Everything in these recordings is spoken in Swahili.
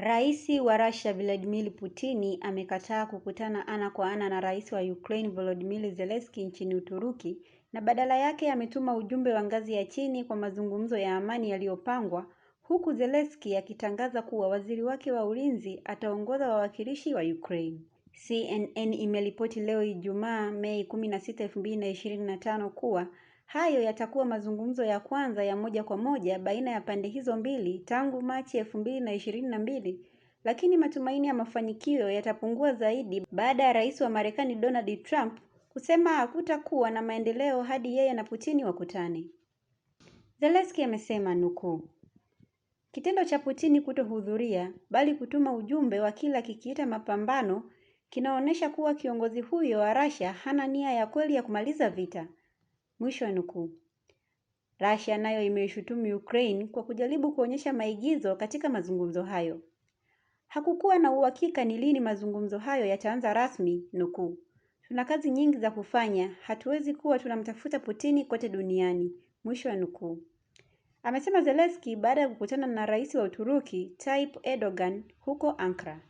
Rais wa Russia Vladimir Putin amekataa kukutana ana kwa ana na Rais wa Ukraine Volodymyr Zelensky nchini Uturuki na badala yake ametuma ujumbe wa ngazi ya chini kwa mazungumzo ya amani yaliyopangwa, huku Zelensky akitangaza kuwa waziri wake wa ulinzi ataongoza wawakilishi wa Ukraine. CNN imeripoti leo Ijumaa, Mei 16, 2025 kuwa Hayo yatakuwa mazungumzo ya kwanza ya moja kwa moja baina ya pande hizo mbili tangu Machi elfu mbili na ishirini na mbili, lakini matumaini ya mafanikio yatapungua zaidi baada ya Rais wa Marekani Donald Trump kusema hakutakuwa na maendeleo hadi yeye na Putin wakutane. Zelensky amesema nukuu, kitendo cha Putin kutohudhuria bali kutuma ujumbe wa kila kikiita mapambano kinaonyesha kuwa kiongozi huyo wa Russia hana nia ya kweli ya kumaliza vita Mwisho wa nukuu. Russia nayo imeishutumu Ukraine kwa kujaribu kuonyesha maigizo katika mazungumzo hayo. Hakukuwa na uhakika ni lini mazungumzo hayo yataanza rasmi, nukuu. Tuna kazi nyingi za kufanya, hatuwezi kuwa tunamtafuta Putin kote duniani, mwisho wa nukuu. Amesema Zelensky baada ya kukutana na Rais wa Uturuki Tayyip Erdogan huko Ankara.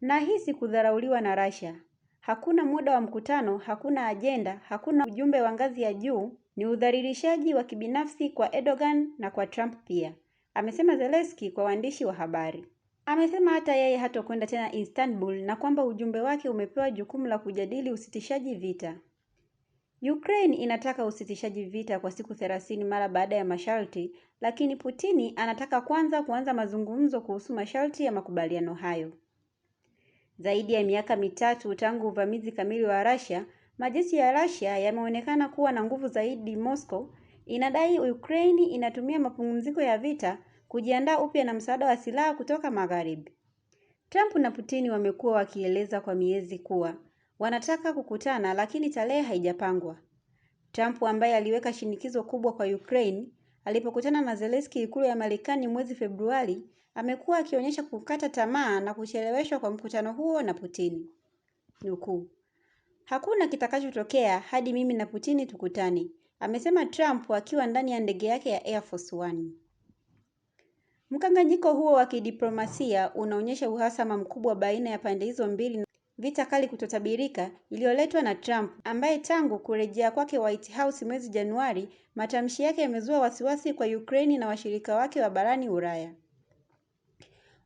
Nahisi kudharauliwa na Russia. Hakuna muda wa mkutano, hakuna ajenda, hakuna ujumbe wa ngazi ya juu, ni udhalilishaji wa kibinafsi kwa Erdogan na kwa Trump pia, amesema Zelensky kwa waandishi wa habari. Amesema hata yeye hatokwenda tena Istanbul na kwamba ujumbe wake umepewa jukumu la kujadili usitishaji vita. Ukraine inataka usitishaji vita kwa siku 30 mara baada ya masharti, lakini Putin anataka kwanza kuanza mazungumzo kuhusu masharti ya makubaliano hayo. Zaidi ya miaka mitatu tangu uvamizi kamili wa Russia, majeshi ya Russia yameonekana kuwa na nguvu zaidi. Moscow inadai Ukraine inatumia mapumziko ya vita kujiandaa upya na msaada wa silaha kutoka magharibi. Trump na Putin wamekuwa wakieleza kwa miezi kuwa wanataka kukutana lakini tarehe haijapangwa. Trump ambaye aliweka shinikizo kubwa kwa Ukraine alipokutana na Zelensky ikulu ya Marekani mwezi Februari amekuwa akionyesha kukata tamaa na kucheleweshwa kwa mkutano huo na Putin. Nukuu, hakuna kitakachotokea hadi mimi na Putin tukutane, amesema Trump akiwa ndani ya ndege yake ya Air Force One. Mkanganyiko huo wa kidiplomasia unaonyesha uhasama mkubwa baina ya pande hizo mbili, vita kali kutotabirika iliyoletwa na Trump ambaye tangu kurejea kwake White House mwezi Januari, matamshi yake yamezua wasiwasi kwa Ukraine na washirika wake wa barani Ulaya.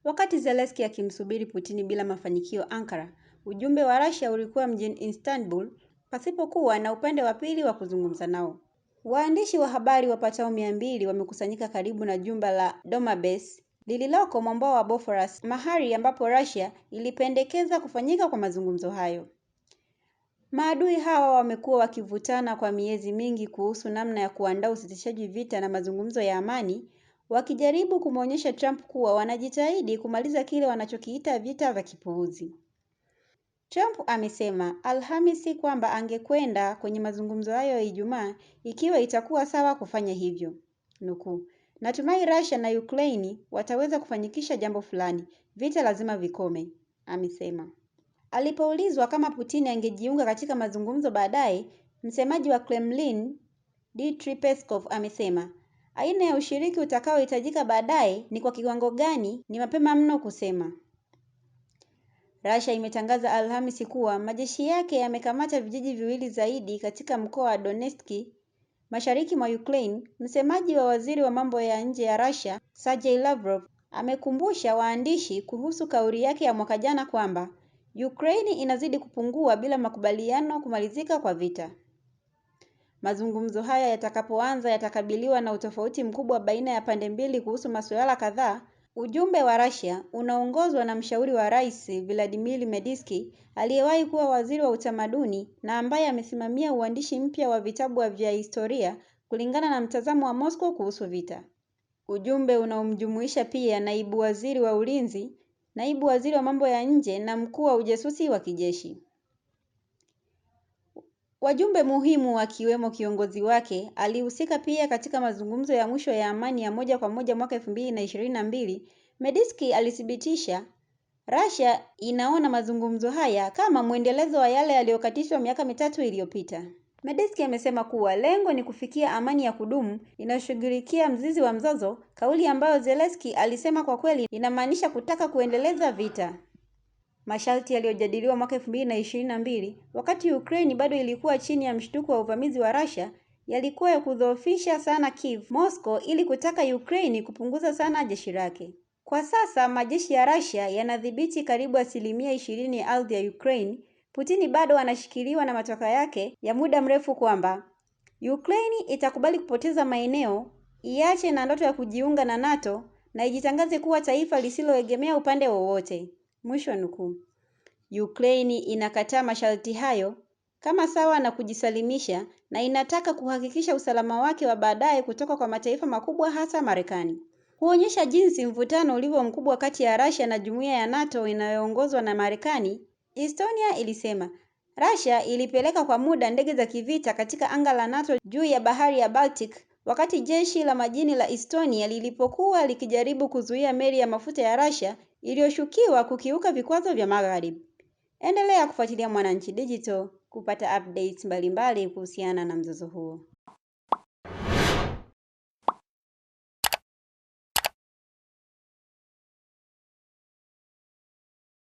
Wakati Zelensky akimsubiri Putin bila mafanikio Ankara, ujumbe wa Russia ulikuwa mjini Istanbul pasipokuwa na upande wa pili wa kuzungumza nao. Waandishi wa habari wapatao mia mbili wamekusanyika karibu na jumba la domabes lililoko mwambao wa Bosphorus, mahali ambapo Russia ilipendekeza kufanyika kwa mazungumzo hayo. Maadui hawa wamekuwa wakivutana kwa miezi mingi kuhusu namna ya kuandaa usitishaji vita na mazungumzo ya amani wakijaribu kumwonyesha Trump kuwa wanajitahidi kumaliza kile wanachokiita vita vya kipuuzi. Trump amesema Alhamisi kwamba angekwenda kwenye mazungumzo hayo Ijumaa ikiwa itakuwa sawa kufanya hivyo. Nukuu, natumai Russia na Ukraine wataweza kufanikisha jambo fulani, vita lazima vikome, amesema. Alipoulizwa kama Putin angejiunga katika mazungumzo baadaye, msemaji wa Kremlin Dmitry Peskov amesema Aina ya ushiriki utakaohitajika baadaye ni kwa kiwango gani ni mapema mno kusema. Russia imetangaza Alhamisi kuwa majeshi yake yamekamata vijiji viwili zaidi katika mkoa wa Donetsk, mashariki mwa Ukraine. Msemaji wa waziri wa mambo ya nje ya Russia, Sergey Lavrov, amekumbusha waandishi kuhusu kauli yake ya mwaka jana kwamba Ukraine inazidi kupungua bila makubaliano kumalizika kwa vita. Mazungumzo haya yatakapoanza yatakabiliwa na utofauti mkubwa baina ya pande mbili kuhusu masuala kadhaa. Ujumbe wa Russia unaongozwa na mshauri wa Rais Vladimir Medinsky, aliyewahi kuwa waziri wa utamaduni na ambaye amesimamia uandishi mpya wa vitabu vya historia kulingana na mtazamo wa Moscow kuhusu vita. Ujumbe unaomjumuisha pia naibu waziri wa ulinzi, naibu waziri wa mambo ya nje na mkuu wa ujasusi wa kijeshi. Wajumbe muhimu wakiwemo kiongozi wake, alihusika pia katika mazungumzo ya mwisho ya amani ya moja kwa moja mwaka 2022. Medinsky alithibitisha Russia inaona mazungumzo haya kama mwendelezo wa yale yaliyokatishwa miaka mitatu iliyopita. Medinsky amesema kuwa lengo ni kufikia amani ya kudumu inayoshughulikia mzizi wa mzozo, kauli ambayo Zelensky alisema kwa kweli inamaanisha kutaka kuendeleza vita masharti yaliyojadiliwa mwaka mbili wakati Ukraine bado ilikuwa chini ya mshtuko wa uvamizi wa Russia yalikuwa ya kudhoofisha sana Kiev Moscow ili kutaka Ukraine kupunguza sana jeshi lake. Kwa sasa majeshi ya Russia yanadhibiti karibu asilimia ishirini ya ardhi ya Ukraine. Putin bado anashikiliwa na matoka yake ya muda mrefu kwamba Ukraine itakubali kupoteza maeneo, iache na ndoto ya kujiunga na NATO na ijitangaze kuwa taifa lisiloegemea upande wowote. Mwisho nukuu. Ukraine inakataa masharti hayo kama sawa na kujisalimisha na inataka kuhakikisha usalama wake wa baadaye kutoka kwa mataifa makubwa hasa Marekani. Huonyesha jinsi mvutano ulivyo mkubwa kati ya Russia na jumuiya ya NATO inayoongozwa na Marekani. Estonia ilisema Russia ilipeleka kwa muda ndege za kivita katika anga la NATO juu ya bahari ya Baltic wakati jeshi la majini la Estonia lilipokuwa likijaribu kuzuia meli ya mafuta ya Russia iliyoshukiwa kukiuka vikwazo vya Magharibi. Endelea kufuatilia Mwananchi Digital kupata updates mbalimbali kuhusiana na mzozo huo.